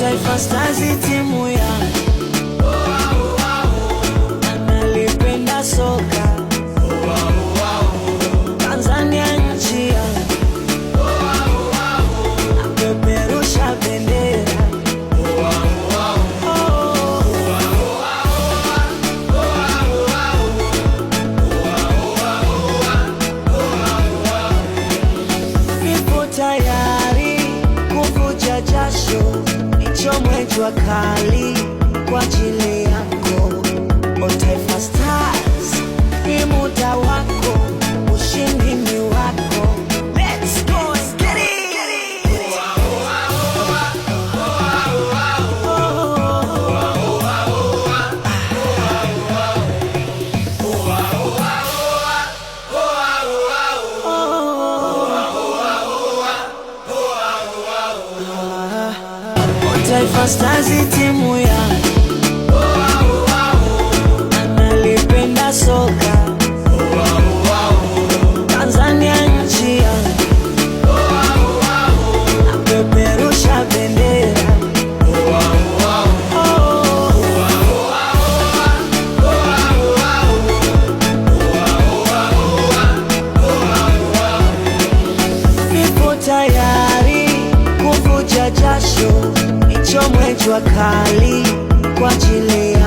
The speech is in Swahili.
Taifa Stars timu ya analipenda soka Tanzania nchi apeperusha bendera tayari jasho mwisho mwe kali kwa ajili Taifa Stars timu ya Analipenda soka Tanzania nchi ya oh, Napeperusha bendera nipo tayari kuvuja jasho tuchomwe jua kali kwa ajili